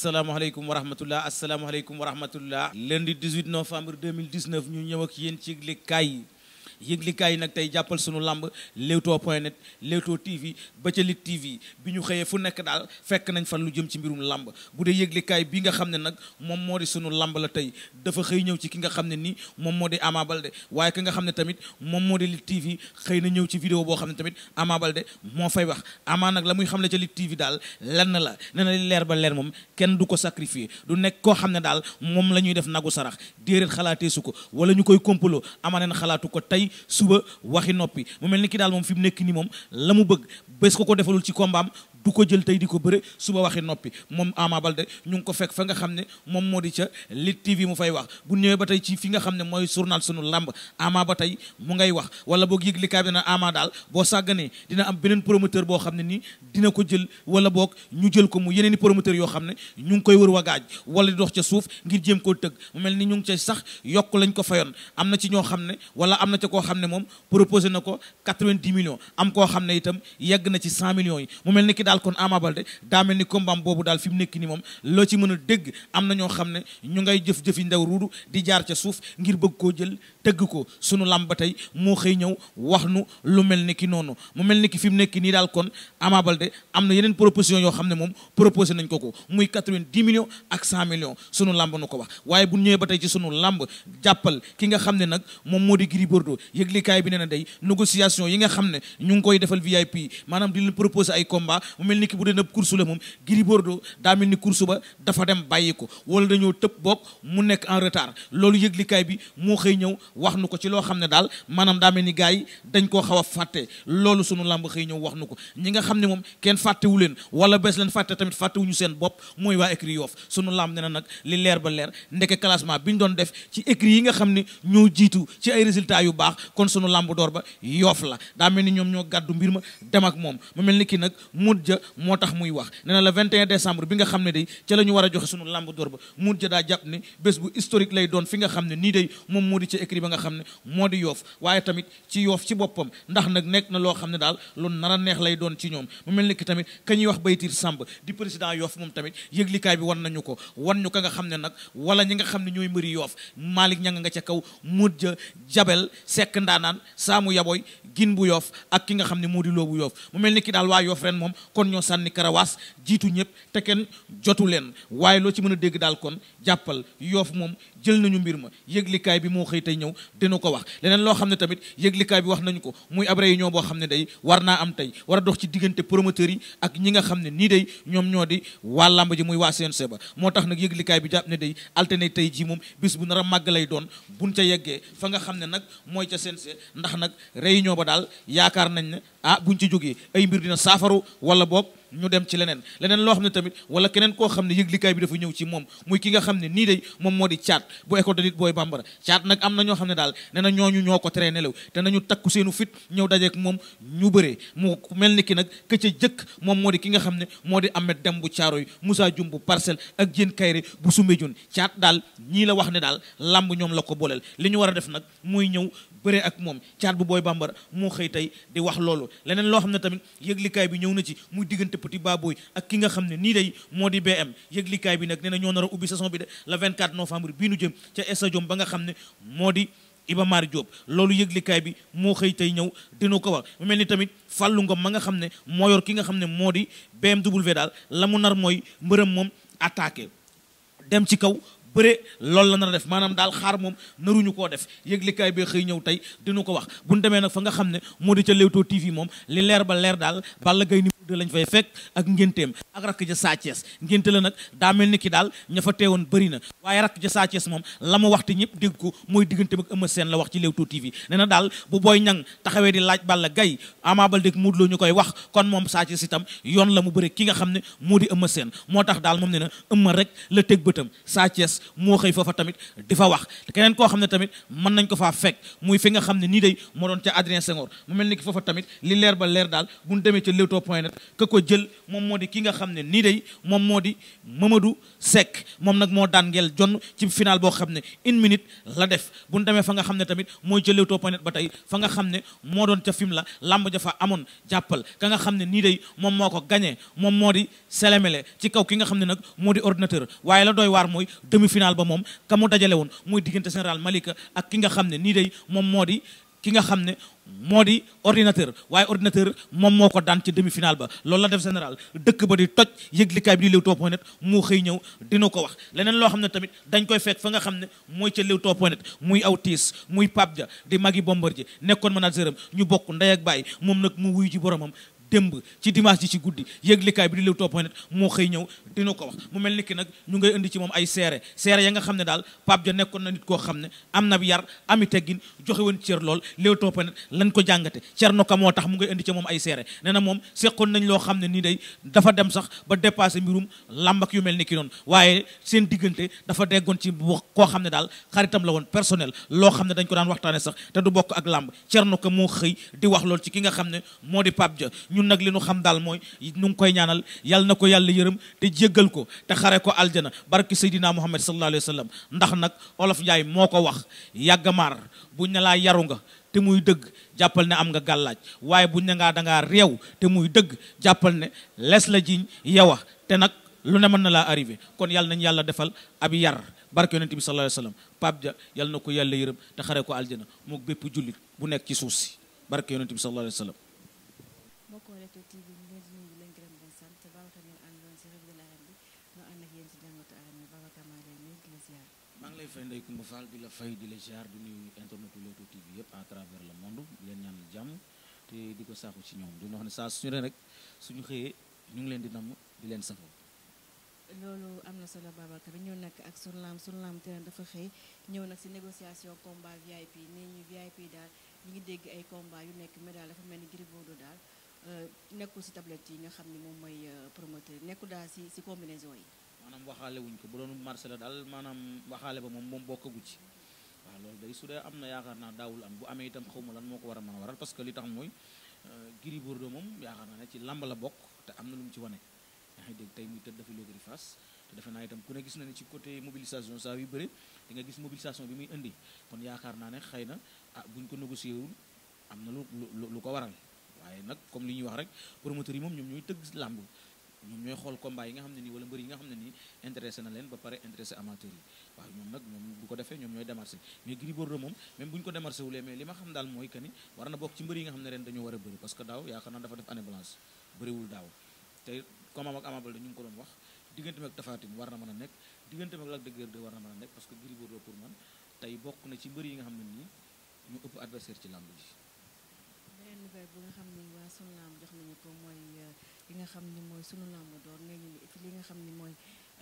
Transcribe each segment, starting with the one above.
asalaamaaleykum wa rahmatullah asalaamaaleykum wa rahmatullah lundi 18 novembre 2019 ñu ñëw ak yéen ci yëglekaay yëglikaay yi nag tey jàppal sunu lamb Leewtoo point net Leewtoo TV ba ca Lutte TV bi ñu xëyee fu nekk daal fekk nañ fan lu jëm ci mbirum làmb bu dee yëglikaay bi nga xam ne nag moom moo di sunu lamb la tey dafa xëy ñëw ci ki nga xam ne nii moom moo di Ama Baldé waaye ki nga xam ne tamit moom moo di Lutte xëy na ñëw ci vidéo boo xam ne tamit Ama moo fay wax Ama nag la muy ne ca Lutte TV daal lenn la nee na leer ba leer moom kenn du ko sacrifier du nekk koo xam ne daal moom la ñuy def nagu sarax déedéet xalaatee su ko wala ñu koy kompaloo ama neen xalaatu ko tey tey suba waxi noppi mu mel ni ki daal moom fi mu nekk nii moom la mu bëgg bés ko ko defalul ci kombaam du ko jël tey di ko bëre suba waxi noppi moom Ama Baldé ñu ngi ko fekk fa nga xam ne moom moo di ca Lutte TV mu fay wax bu ñëwee ba tey ci fi nga xam ne mooy journal sunu làmb Ama ba tey mu ngay wax wala boog yëg likaay bi na daal boo sàgganee dina am beneen promoteur boo xam ne nii dina ko jël wala boog ñu jël ko mu yeneen i promoteur yoo xam ne ñu ngi koy wër wagaaj wala dox ca suuf ngir jéem koo tëgg mu mel ni ñu ngi cay sax yokk lañ ko fayoon am na ci ñoo xam ne wala am na ca koo xam ne moom proposé na ko 90 millions am koo xam ne itam yegg na ci 100 millions yi mu mel ni ki daal kon Ama de daamel ni combat boobu daal fi mu nekk ni moom loo ci mën a dégg am na ñoo xam ne ñu ngay jëf-jëfi ndaw ruudu di jaar ca suuf ngir bëgg koo jël tëgg ko sunu làmb ba tey moo xëy ñëw wax nu lu mel ni ki noonu mu mel ni ki fi mu nekk nii daal kon Ama Baldé am na yeneen proposition yoo xam ne moom proposé nañ ko ko muy 90 millions ak 100 millions sunu làmb nu ko wax waaye bu ñëwee ba tey ci sunu làmb jàppal ki nga xam ne nag moom moo di Gris Bordeaux yëglikaay bi nee na day négociation yi nga xam ne ñu ngi koy defal VIP maanaam di leen proposé ay combat mu mel ni ki bu dee nëb course la moom Gris Bordeaux daa mel ni course ba dafa dem bàyyi ko wala dañoo mu nekk en retard loolu yëglikaay bi moo xëy ñëw wax nu ko ci loo xam ne daal maanaam daa mel ni gars yi dañ koo xaw fàtte loolu sunu làmb xëy ñëw wax nu ko ñi xam ne moom kenn fàttewu leen wala bees leen fàtte tamit fàttewuñu seen bopp mooy waa écrit yoof sunu làmb ne na li leer ba leer ndeke classement bi ñu doon def ci écrit yi nga xam ne ñoo jiitu ci ay résultats yu baax kon sunu làmb door ba yoof la daa mel ni ñoom ñoo gàddu mbir ma dem ak moom mu mel ni ki nag mu ja moo tax muy wax nee na le 21 décembre bi nga xam ne day ca la war a joxe sunu lamb door ba muut ja daa jàpp ne bés bu historique lay doon fi nga xam ne nii day moom moo di ci moo di yoof waaye tamit ci yoof ci boppam nag nekk na loo xam ne daal lu nar neex lay doon ci ñoom mu mel ni ki tamit ka ñuy wax baytiir sàmb di président yoof moom tamit yëglikaay bi wan nañu ko wan ñu ka xam ne nag wala ñi nga xam ne ñooy mbëri yoof Malick ñanga nga ca kaw muut ja jabel sekk ndaanaan saamu yaboy gin bu yoof ak ki nga xam ne moo di loobu yoof mu mel ni ki daal waa yoof ren moom kon ñoo sànni karawaas jiitu ñëpp te kenn jotu leen waaye loo ci mën a dégg daal kon jàppal yoof moom jël nañu mbir ma yëglikaay bi moo xëy tey ñëw dina ko wax leneen loo xam ne tamit yëglikaay bi wax nañu ko muy ab réunion boo xam ne day war naa am tey war a dox ci diggante promoteurs yi ak ñi nga xam ne nii day ñoom ñoo di waa làmb ji muy waa CNG ba moo tax nag yëglikaay bi jàpp ne day alterné tey jii moom bis bu nar a màgg lay doon buñ ca yeggee fa nga xam ne nag mooy ca CNG ndax nag réunion ba daal yaakaar nañ ne ah buñ ci jógee ay mbir dina saafaru wala boog ñu dem ci leneen leneen loo xam ne tamit wala keneen koo xam ne yëglikaay bi dafa ñëw ci moom muy ki nga xam ne nii day moom moo di caat bu école booy bambara caat nag am na ñoo xam ne daal nee na ñooñu ñoo ko tere nelaw te takku seenu fit ñëw dajeek moom ñu bëree mu mel ni ki nag ka ca jëkk moom moo di ki nga xam ne moo di amet dem bu caaro yi musa Dioum bu parcelle ak Diène Kayre bu Soumbédioune caat daal ñii la wax ne daal làmb ñoom la ko booleel li ñu war a def nag muy ñëw bëree ak moom caat bu booy bambara moo xëy tey di wax loolu leneen loo xam ne tamit yëglikaay bi ñëw na ci muy diggante petit baboy ak ki nga xam ne nii day moo di BM yëglikaay bi nag na ñoo nar ubbi saison bi de le 24 novembre bii nu jëm ca stadium ba nga xam ne moo di Iba Mar loolu yëglikaay bi moo xëy tey ñëw dina ko wax mu mel ni tamit fàllu ngom ma nga xam ne moo yor ki nga xam ne moo di BMW daal la mu nar mooy mbërëm moom attaqué dem ci kaw bëre loolu la nar def maanaam daal xaar moom naruñu koo def yëglikaay bi xëy ñëw tey dina ko wax bu ñu demee nag fa nga xam ne moo di ca Leewtoo TV moom li leer ba leer daal bala Balla Gaye deux lañ fay fekk ak ngénteem ak rakk ja Sathiès ngénte la nag daa mel ni ki daal ña fa teewoon bëri na waaye rakk ja Sathiès moom la mu waxte ñëpp dégg ko mooy diggante ak Eumeu Sène la wax ci Leewtoo TV nee na daal bu Boy Niang taxawee di laaj Balla Gaye Ama Baldé Modou Lo ñu koy wax kon moom Sathiès itam yoon la mu bëre ki nga xam ne moo di Eumeu Sène moo tax daal moom ne na Eumeu rek la teg bëtam Sathiès moo xëy foofa tamit di fa wax keneen koo xam ne tamit mën nañ ko faa fekk muy fi nga xam ne nii day moo doon ca ni ki foofa li leer ba leer daal bu ñu demee ka ko jël moom moo di ki nga xam ne nii day moom moo di Mamadou Seck moom nag moo daan ngeel jon ci final boo xam ne une minute la def bu ñu demee fa nga xam ne tamit mooy jël Leewtoo point ba tey fa nga xam ne moo doon ca film la làmb ja amoon jàppal ka nga xam ne nii day moom moo ko gagné moom moo di selemele ci kaw ki nga xam ne nag moo di ordinateur waaye la doy waar mooy demi final ba moom ka mu dajale diggante général Malika ak ki nga xam ne nii day moom moo di ki nga xam ne moo di ordinateur waaye ordinateur moom moo ko daan ci demi-finale ba loolu la def général dëkk ba di toj yëglikaay bi di Leewtoo point mu xëy ñëw dina ko wax leneen loo xam ne tamit dañ koy fekk fa nga xam ne mooy ca Leewtoo point net muy aw tiis muy Pape ja di Maggi Bombardier ji nekkoon manager am ñu bokk ndey ak baay moom nag mu wuyu ji boromam démb ci dimanche ji ci guddi yëglikaay bi di Leewtoo point net moo xëy ñëw dina ko wax mu mel ni ki nag ñu ngay indi ci moom ay seere seere ya nga xam ne daal Pape Dia nekkoon na nit koo xam ne am na yar ami teggin joxe woon cër lool Leewtoo point net lañ ko jàngate Thierno Ka moo tax mu ngay indi ci moom ay seere nee na moom seqoon nañ loo xam ne nii day dafa dem sax ba dépassé mbirum làmb ak yu mel ni ki noonu waaye seen diggante dafa déggoon ci koo xam ne daal xaritam la woon personnel loo xam ne dañ ko daan waxtaane sax te du bokk ak làmb Thierno Ka moo xëy di wax lool ci ki nga xam ne moo di Pape Dia ñun nag li nu xam daal mooy nu ngi koy ñaanal yal na ko yàlla yërëm te jéggal ko te xare ko aljana barke Seydina Muhammad sallallahu alayhi wa sallam ndax nag olof Njaay moo ko wax yàggamaar maar buñ ne laa yaru nga te muy dëgg jàppal ne am nga gàllaaj waaye buñ ne dangaa réew te muy dëgg jàppal ne les la jiñ yow a te nag lu ne mën na laa arrivé kon yàlla nañ yàlla defal ab yar barke yonent bi sallallahu alayhi wa sallam Pape Dia na ko yàlla yërëm te xare ko aljana mook bépp jullit bu nekk ci suuf si barke yonent bi sallallahu alayhi TV ñu leen di nuyu leen gërëm leen sant Babacar ngeen àndoon si revue de l'arène bi ñu ànd ak bi la ziar. di la fay di la ziar di nuyu internet yëpp à travers le monde di leen di ko saaxu ci ñoom di wax ne saa suñu ren rek suñu xëyee ñu ngi leen di namm di leen safoo. loolu am na solo Babacar ñëw nag ak sunu laam sunu laam te dafa xëy ñëw nag si négociation combat VIP nee ñu VIP daal ñu ngi dégg ay combat yu nekk mais daal dafa mel ni Gris Bordeaux daal Euh, nekkul si tablette yi nga xam ne moom mooy euh, promoteur nekkul daal si si combinaison yi. maanaam waxaale wuñ ko bu doon marché la daal maanaam waxaale ba moom moom bokkagu ci waaw loolu day su dee am na yaakaar naa daawul am bu amee itam xaw ma lan moo ko war a mën parce que li tax mooy euh, Gris Bordeaux moom yaakaar naa ne ci làmb bokk te am na lu mu ci wane. yaa tey muy tëdd dafa lóogari face te naa itam ku ne gis na ci côté mobilisation saa yu bëri di nga gis mobilisation bi muy indi kon yaakaar naa ne xëy na ah, buñ ko négocié wul am na lu lu lu ko waral. waaye nag comme li ñuy wax rek promoteurs yi moom ñoom ñooy tëgg làmb ñoom ñooy xool combat yi nga xam ne nii wala mbër yi nga xam ne nii intéressé na leen ba pare intéressé amateur yi waaw ñoom nag ñoom bu ko defee ñoom ñooy démarché mais Gris Bordeaux moom même bu ñu ko démarché wulee li ma xam daal mooy que ni war na bokk ci mbër yi nga xam ne ren dañoo war a bëri parce que daaw yaakaar naa dafa def année blanche bëriwul daaw te comme am ak Ama a nekk diggante ak Lac de Guiers 2 war a nekk parce que Gris Bordeaux beneen nouvelle bu nga xam ni waa sunu ko mooy euh, li nga xam ni mooy sunu lamb door nee ñu li nga xam ni mooy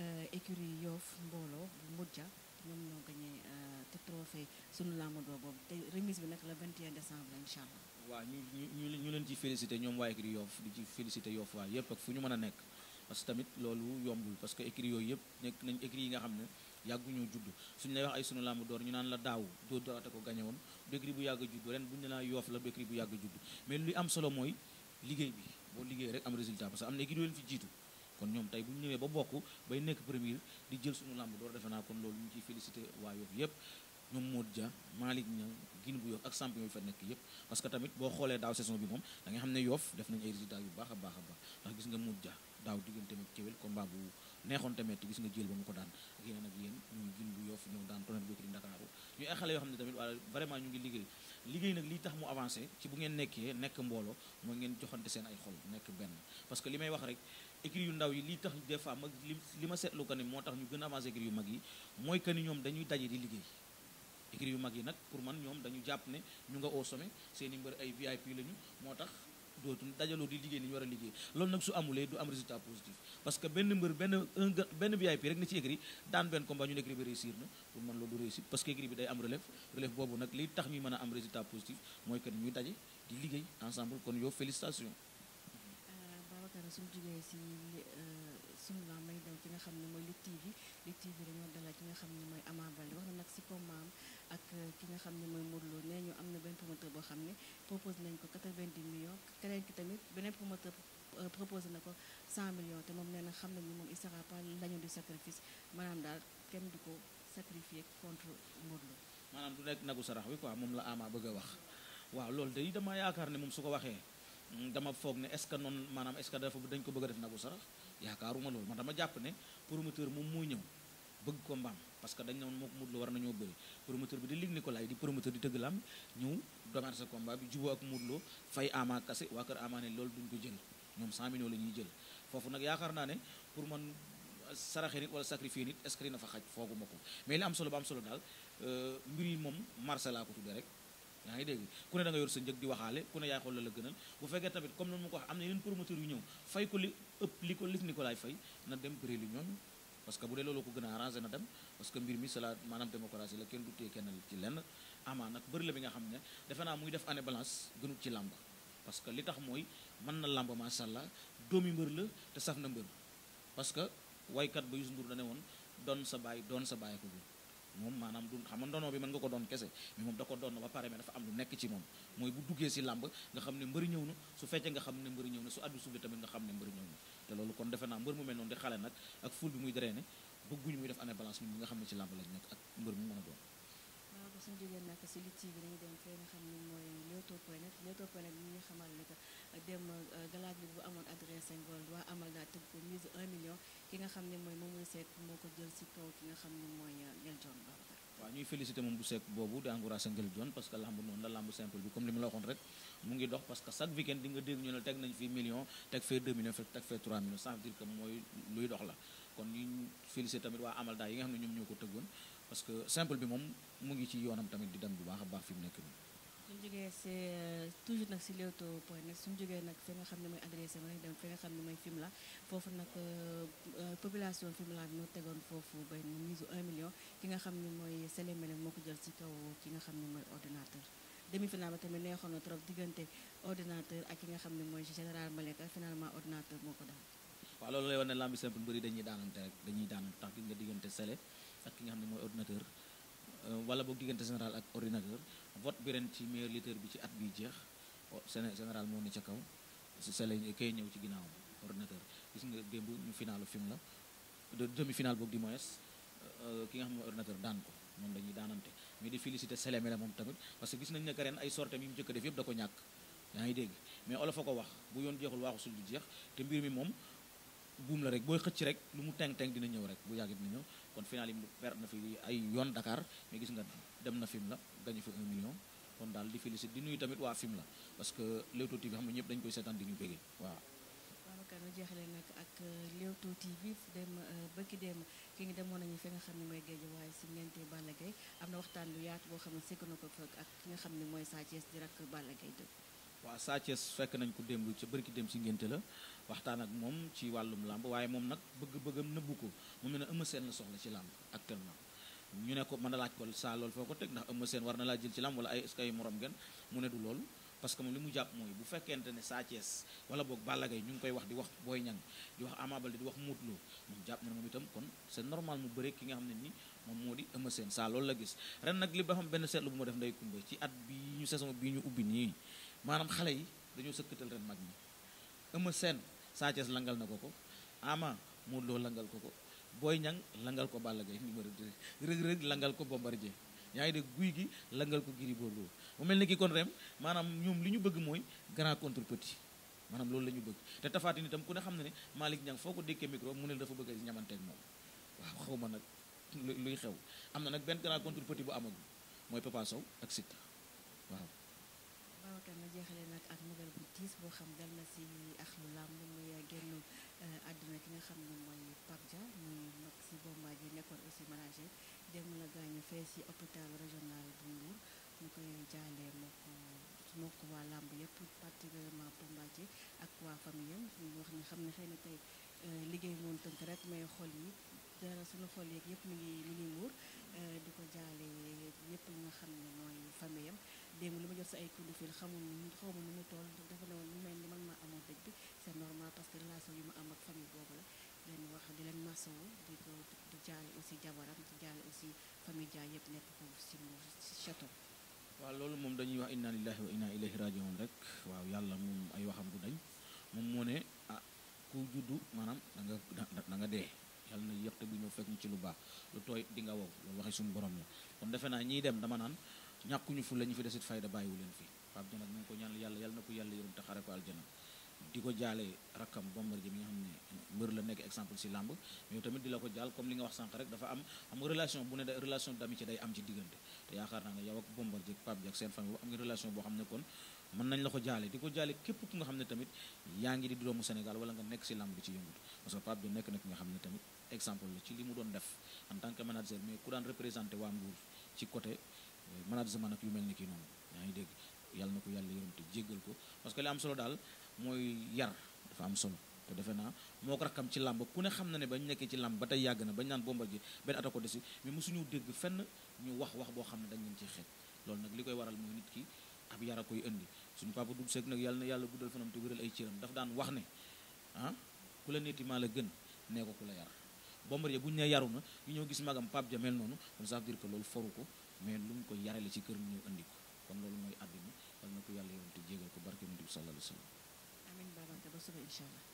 euh, écurie Yoff mbooloo bu Mbodja ñoom ñoo gagné euh, te trophée sunu lamb door boobu te remise bi nag le 21 décembre incha allah. waaw ñu ñu ñu leen ci félicité ñoom waa écurie Yoff di ci félicité Yoff waa yëpp ak fu ñu mën a nekk parce que tamit loolu yombul parce que écurie yooyu yëpp nekk nañ écurie yi nga xam ne yàgguñu judd ñu lay wax ay sunu lamb door ñu naan la daaw doo doorate ko gagné décret bu yàgg a judd ren bu ñu la yoof la décret bu yàgg a judd mais li am solo mooy liggéey bi boo liggéey rek am résultat parce que am na gi leen fi jiitu kon ñoom tey bu ñu ñëwee ba bokk bay nekk premier di jël suñu làmb door defe naa kon loolu ñu ciy félicité waa yoof yépp ñoom Modou Dia Malick Niang gin bu yoof ak champion yu fa nekk yépp parce que tamit boo xoolee daaw saison bi moom da nga xam ne yoof def nañu résultat yu baax a baax neexoon tamit gis nga jël ba mu ko daan ak yeneen ak yéen ñu gin bu yof ñëw daan tonel bokk di Ndakaaru ñuy ay xale yoo xam ne tamit wala vraiment ñu ngi liggéey liggéey nag li tax mu avancé ci bu ngeen nekkee nekk mbooloo mooy ngeen joxante seen ay nekk benn parce que li may wax rek yu ndaw yi li tax des fois mag li ma seetlu que moo tax ñu gën a avancé écrit yu mag yi mooy que ni ñoom dañuy daje di liggéey écrit yu mag yi nag pour man ñoom dañu jàpp ne ñu nga au sommet seen i mbër ay VIP la ñu moo tax dootul dajaloo di liggéey li ñu war a liggéey loolu nag su amulee du am résultat positif parce que benn mbër benn benn VIP rek na ci écrit daan benn combat ñu ne écrit bi parce que écrit bi day am relève boobu nag li tax ñuy mën a am résultat positif mooy que ñuy daje di liggéey ensemble kon yow félicitation euh, proposé nañ ko 90 millions keneen ki tamit beneen promoteur euh, proposé na ko 100 millions te moom nee xam nañu moom il sera pas l'agneau du sacrifice maanaam daal kenn du ko sacrifier contre Modou Lo. maanaam du nekk nagu sarax wi quoi moom la Ama bëgg a wax waaw loolu day dama yaakaar ne moom su ko waxee mm, dama foog ne est-ce que noonu maanaam est-ce que dafa dañ ko bëgg a def nagu sarax yaakaaruma loolu man dama jàpp ne promoteur moom mooy ñëw. bëgg ko mbaam parce que dañ ne woon moo ko Modou Lo war nañoo bëri promoteur bi di Luc Nicolaï di promoteur di tëgg lam ñëw domaat sa combat bi juboo ak Modou Lo fay ama kase waa kër ama loolu duñ ko jël ñoom 100 millions ñuy jël foofu nag yaakaar naa ne pour man saraxe nit wala sacrifier nit est fa xaj foogu ko mais li am solo am solo daal euh, mbir yi moom marché laa ko tuddee rek yaa ngi dégg ku ne da nga yor sa njëg di waxaale ku ne yaay la la gënal bu fekkee tamit comme noonu mu ko wax am na yeneen promoteur yu ñëw fay ko li ëpp li ko Luc Nicolaï fay na dem bëri li ñoom parce que bu dee loolu ko gën a arrangé na dem parce que mbir mi c'est la maanaam démocratie la kenn du kenn ci lenn ama nag bëri la bi nga xam ne defe naa muy def année balance gënut ci làmb parce que li tax mooy mën na làmb macha allah doomi mbër la te saf na mbër parce que waykat ba Youssou Ndour da ne woon doon sa baay doon sa baay ko gën moom maanaam du xam nga ndono bi mën nga ko doon kese mais moom da ko doon ba pare mais dafa am lu nekk ci moom mooy bu duggee si làmb nga xam ne mbëri ñëw na su fekkee nga xam ne mbëri ñëw na su àddu suuf tamit nga xam ne mbëri ñëw na loolu kon defe naa mbër mu mel noonu di xale nag ak ful bi muy drainer bëgguñu muy def année balance ñun mu mën a dem fee bi bu amoon adresse Ngol waa amal naa tëb ko mise 1 million ki nga xam ne mooy moom mooy seet moo ko jël si kaw ki nga xam ne mooy Ngel John Babacar. waaw ñuy félicité moom bu seet boobu di encouragé Ngel John parce que làmb noonu la làmb simple bi comme li ma la waxoon rek mu ngi dox parce que chaque weekend di nga dégg ñu ne teg nañ fi million teg fee 2 millions teg fee 3 millions ça veut que mooy luy dox la kon ñu félicité tamit waa Amalda yi nga xam ne ñoom ñoo ko tëggoon parce que simple bi moom mu ngi ci yoonam tamit di dem bu baax a baax fi mu nekk nii. suñ jógee si euh, toujours nag si Leewtoo point net suñ jógee nag fi nga xam ne mooy adressé mooy dem fi nga xam ne mooy Fimela foofu nag euh, euh, population Fimela bi ñoo tegoon foofu benn mise 1 ki nga xam ne mooy Sélé Mélé moo ko jël si ki nga xam ne mooy ordinateur. demi-finale ba tamit neexoon na trop diggante ordinateur ak ki nga xam ne mooy général Malika finalement ordinateur moo ko daal. waaw loolu lay wax ne lambi simple mbëri dañuy daanante rek dañuy daanante tax gis nga diggante Sélé ak ki nga xam ne mooy ordinateur euh, wala boog diggante général ak ordinateur vote bi ren ci meilleur lutteur bi ci at bi jeex oh, général moo ne ca kaw si Sélé kay ñëw ci ginnaaw ordinateur gis nga démb ñu finalu film la demi final boog di moyes euh, ki nga xam ne mooy ordinateur daan ko moom dañuy daanante mais di féliciter Sélémé la moom tamit parce que gis nañ ne que ren ay sortem yi mu jëkk def yëpp da ko ñàkk yaa ngi dégg mais olof a ko wax bu yoon jeexul waaxu sul du jeex te mbir mi moom buum la rek booy xëcc rek lu mu teng-teng dina ñëw rek bu yàgg dina ñëw kon final yi perte na fi ay yoon Dakar mais gis nga dem na Fimela gañu fi un million kon daal di féliciter di nuyu tamit waa Fimela parce que Leewtoo TV xam ne ñëpp dañu koy seetaan di ñu waaw Babacar ñu jeexale nag ak euh, Leewtoo TV dem euh, bëgg dem ki ngi demoon nañu fi nga xam ne mooy géej waaye si ñeenti Balla Gaye am na waxtaan lu yaatu boo xam ne sekk na ko fa ak ki nga xam ne mooy Sa Thiès di rakk waaw Sa Thiès fekk nañ ko démb ca bërki dem si ngénte la waxtaan ak moom ci wàllum làmb waaye moom nag bëgg-bëggam nëbbu ko mu mel ne Eumeu Sène la soxla ci làmb actuellement ñu ne ko mën a laaj ko saa loolu foo ko teg ndax Eumeu seen war na laa jël ci làmb wala ay est-ce mu ne du loolu parce que moom li mu jàpp mooy bu fekkente ne Sa Thiès wala boog Balla Gaye ñu ngi koy wax di wax booy Niang di wax Ama Baldé di wax Modou Lô moom jàpp moom itam kon c'est normal mu bëre ki nga xam ne nii moom moo di Eumeu Sène saa la gis ren nag li ba xam benn seetlu bu ma def nday kumba ci at bi ñu saison bi ñu ubbi nii maanaam xale yi dañoo sëkkatal ren mag ñi Eumeu Sène Sa langal na ko ko Ama Modou Lô langal ko ko booy Niang langal ko Balla Gaye numéro 2 Reug Reug langal ko Bombardier yaa ngi dégg guy gi langal ko Gris Bordeaux mu mel ni ki kon rem maanaam ñoom li ñu bëgg mooy grand contre petit maanaam loolu la ñu bëgg te Tapha Tine itam ku ne xam ne ne Malick Niang foo ko dékkee micro mu ne dafa xaw ma nag luy xew am na nag benn grand contre petit bu mooy Papa Sow ak Siteu waaw. Babacar ma jeexalee nag ak nouvelle bu tiis boo xam dal na si ak lu làmb muy génn euh, àdduna ki nga xam ne mooy nekkoon aussi manager. démb la gaañu fee si hôpital régional bu Mbour ñu koy jaalee mbokk mbokk waa làmb yëpp particulièrement Bombardier ak waa famille am wax ne xam ne xëy na tey euh, liggéey moom tënk rek may xol yi dara suñu xol yeeg yëpp mi ngi mi ngi muur euh, di ko jaale ñëpp ñi nga xam ni mooy famille am démb li ma jot sa ay kudd fil xamul xawma nu mu toll dafa ne woon mel ni man maa amoon dëj bi c'est normal parce que relation yu ma am ak famille boobu la leen wax di leen masawu di ko di jaale aussi jabaram di jaale aussi famille Dia yëpp nekk foofu si si château. waaw loolu moom dañuy wax inna lillahi wa inna ilayhi rajiun rek waaw yàlla moom ay waxam du dañ moom moo ne ah ku juddu maanaam da nga da nga dee yàlla na yëqte bi ñëw fekk ci lu baax lu tooy di nga wow loolu waxi suñu borom la kon defe naa ñiy dem dama naan ñàkkuñu fu la ñu fi desit fayda bàyyiwu leen fi Pape Dia nag ñu ko ñaanal yàlla yàlla na ko yàlla yërëm te xare ko aljana di ko jaalee rakkam Bombardier mi nga xam ne mbër la nekk exemple si làmb mais tamit di la ko jaal comme li nga wax sànq rek dafa am am relation bu ne da relation d'amitié day am ci diggante te yaakaar naa ne yow ak Bombardier Pape Diak seen famille am nga xam ne ko jaale di ko jaale ne tamit yaa ngi di doomu Sénégal wala nga nekk si làmb di ci yëngut parce que Pape Diak nekk na ki nga xam ne tamit exemple la ci li mu doon def en tant que manager mais ku daan représenté waa Mbour ci côté euh, management yu mel ni kii noonu yaa ngi dégg yàlla na ko yàlla yërëm te jéggal ko parce que li am solo daal mooy yar dafa am solo te defe naa moo ko rakkam ci làmb ku ne xam na ne bañ nekkee ci làmb ba tey yàgg na bañ naan Bombardier benn at a ko desi mais mosuñu dégg fenn ñu wax wax boo xam ne dañ leen ciy loolu nag li koy waral mooy nit ki ab yara koy indi suñu papa dugg seeg nag yàlla na yàlla guddal fanam te wéral ay cëram daf daan wax ne ah ku la neeti maa la gën nee ko ku la yar Bombardier buñ ne yaru na ñu ñoo gis magam Pape Dia mel noonu kon ça veut dire loolu foru ko mais lu mu ko yarale ci kër mu ñu indi ko kon loolu mooy àddina wal na ko yàlla yonente jégal ko barke mu dib sallallahu alayhi wa sallam